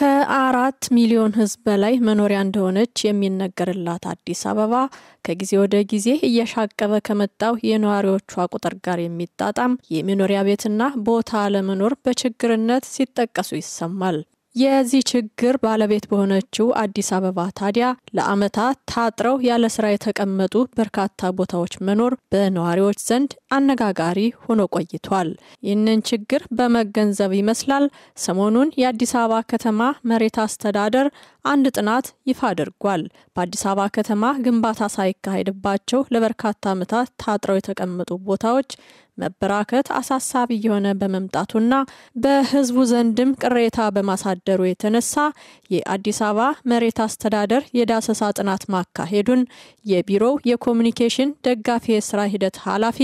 ከአራት ሚሊዮን ሕዝብ በላይ መኖሪያ እንደሆነች የሚነገርላት አዲስ አበባ ከጊዜ ወደ ጊዜ እያሻቀበ ከመጣው የነዋሪዎቿ ቁጥር ጋር የሚጣጣም የመኖሪያ ቤትና ቦታ አለመኖር በችግርነት ሲጠቀሱ ይሰማል። የዚህ ችግር ባለቤት በሆነችው አዲስ አበባ ታዲያ ለአመታት ታጥረው ያለ ስራ የተቀመጡ በርካታ ቦታዎች መኖር በነዋሪዎች ዘንድ አነጋጋሪ ሆኖ ቆይቷል። ይህንን ችግር በመገንዘብ ይመስላል ሰሞኑን የአዲስ አበባ ከተማ መሬት አስተዳደር አንድ ጥናት ይፋ አድርጓል። በአዲስ አበባ ከተማ ግንባታ ሳይካሄድባቸው ለበርካታ ዓመታት ታጥረው የተቀመጡ ቦታዎች መበራከት አሳሳቢ የሆነ በመምጣቱና በህዝቡ ዘንድም ቅሬታ በማሳደ ከማሳደሩ የተነሳ የአዲስ አበባ መሬት አስተዳደር የዳሰሳ ጥናት ማካሄዱን የቢሮው የኮሚኒኬሽን ደጋፊ የስራ ሂደት ኃላፊ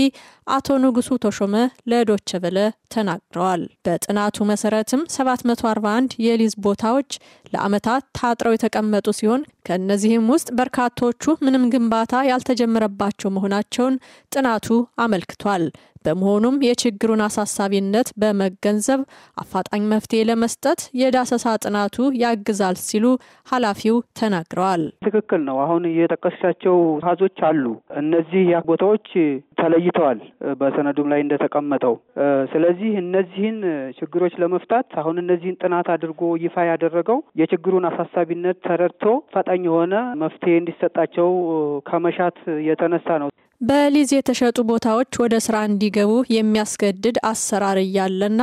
አቶ ንጉሱ ተሾመ ለዶቸ በለ ተናግረዋል። በጥናቱ መሰረትም 741 የሊዝ ቦታዎች ለአመታት ታጥረው የተቀመጡ ሲሆን ከእነዚህም ውስጥ በርካቶቹ ምንም ግንባታ ያልተጀመረባቸው መሆናቸውን ጥናቱ አመልክቷል። በመሆኑም የችግሩን አሳሳቢነት በመገንዘብ አፋጣኝ መፍትሄ ለመስጠት የዳሰሳ ጥናቱ ያግዛል ሲሉ ኃላፊው ተናግረዋል። ትክክል ነው። አሁን የጠቀስሻቸው ሀዞች አሉ። እነዚህ ቦታዎች ተለይተዋል በሰነዱም ላይ እንደተቀመጠው። ስለዚህ እነዚህን ችግሮች ለመፍታት አሁን እነዚህን ጥናት አድርጎ ይፋ ያደረገው የችግሩን አሳሳቢነት ተረድቶ ፈጣኝ የሆነ መፍትሄ እንዲሰጣቸው ከመሻት የተነሳ ነው። በሊዝ የተሸጡ ቦታዎች ወደ ስራ እንዲገቡ የሚያስገድድ አሰራር እያለና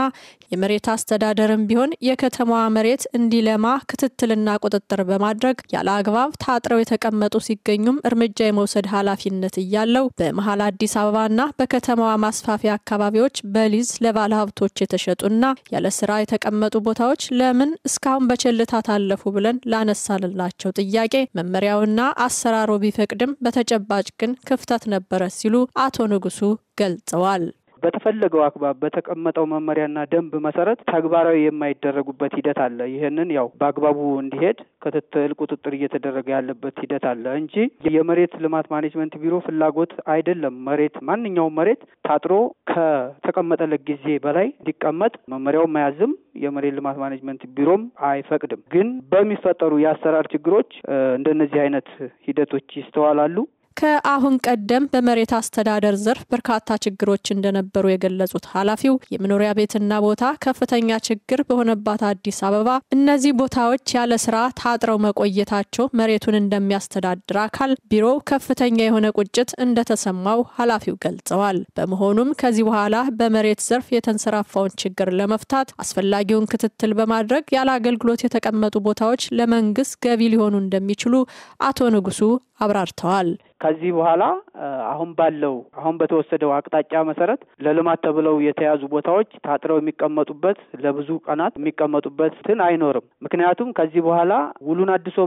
የመሬት አስተዳደርም ቢሆን የከተማዋ መሬት እንዲለማ ክትትልና ቁጥጥር በማድረግ ያለ አግባብ ታጥረው የተቀመጡ ሲገኙም እርምጃ የመውሰድ ኃላፊነት እያለው በመሀል አዲስ አበባና በከተማዋ ማስፋፊያ አካባቢዎች በሊዝ ለባለ ሀብቶች የተሸጡና ያለ ስራ የተቀመጡ ቦታዎች ለምን እስካሁን በቸልታ ታለፉ ብለን ላነሳንላቸው ጥያቄ መመሪያውና አሰራሩ ቢፈቅድም በተጨባጭ ግን ክፍተት ነበረ ሲሉ አቶ ንጉሱ ገልጸዋል። በተፈለገው አግባብ በተቀመጠው መመሪያና ደንብ መሰረት ተግባራዊ የማይደረጉበት ሂደት አለ። ይህንን ያው በአግባቡ እንዲሄድ ክትትል፣ ቁጥጥር እየተደረገ ያለበት ሂደት አለ እንጂ የመሬት ልማት ማኔጅመንት ቢሮ ፍላጎት አይደለም። መሬት ማንኛውም መሬት ታጥሮ ከተቀመጠለት ጊዜ በላይ እንዲቀመጥ መመሪያው መያዝም የመሬት ልማት ማኔጅመንት ቢሮም አይፈቅድም። ግን በሚፈጠሩ የአሰራር ችግሮች እንደነዚህ አይነት ሂደቶች ይስተዋላሉ። ከአሁን ቀደም በመሬት አስተዳደር ዘርፍ በርካታ ችግሮች እንደነበሩ የገለጹት ኃላፊው የመኖሪያ ቤትና ቦታ ከፍተኛ ችግር በሆነባት አዲስ አበባ እነዚህ ቦታዎች ያለ ስራ ታጥረው መቆየታቸው መሬቱን እንደሚያስተዳድር አካል ቢሮው ከፍተኛ የሆነ ቁጭት እንደተሰማው ኃላፊው ገልጸዋል። በመሆኑም ከዚህ በኋላ በመሬት ዘርፍ የተንሰራፋውን ችግር ለመፍታት አስፈላጊውን ክትትል በማድረግ ያለ አገልግሎት የተቀመጡ ቦታዎች ለመንግስት ገቢ ሊሆኑ እንደሚችሉ አቶ ንጉሱ አብራርተዋል። ከዚህ በኋላ አሁን ባለው አሁን በተወሰደው አቅጣጫ መሰረት ለልማት ተብለው የተያዙ ቦታዎች ታጥረው የሚቀመጡበት ለብዙ ቀናት የሚቀመጡበትን አይኖርም። ምክንያቱም ከዚህ በኋላ ውሉን አድሶ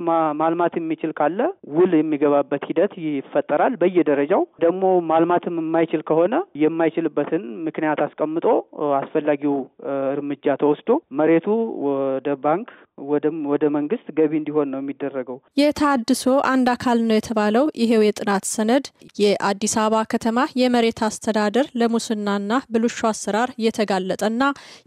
ማልማት የሚችል ካለ ውል የሚገባበት ሂደት ይፈጠራል። በየደረጃው ደግሞ ማልማትም የማይችል ከሆነ የማይችልበትን ምክንያት አስቀምጦ አስፈላጊው እርምጃ ተወስዶ መሬቱ ወደ ባንክ ወደ መንግስት ገቢ እንዲሆን ነው የሚደረገው። የተሃድሶ አንድ አካል ነው የተባለው ይሄው የጥናት ሰነድ የአዲስ አበባ ከተማ የመሬት አስተዳደር ለሙስናና ብልሹ አሰራር የተጋለጠና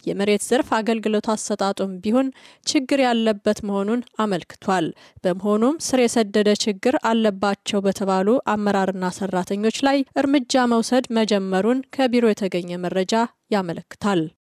የመሬት ዘርፍ አገልግሎት አሰጣጡም ቢሆን ችግር ያለበት መሆኑን አመልክቷል። በመሆኑም ስር የሰደደ ችግር አለባቸው በተባሉ አመራርና ሰራተኞች ላይ እርምጃ መውሰድ መጀመሩን ከቢሮ የተገኘ መረጃ ያመለክታል።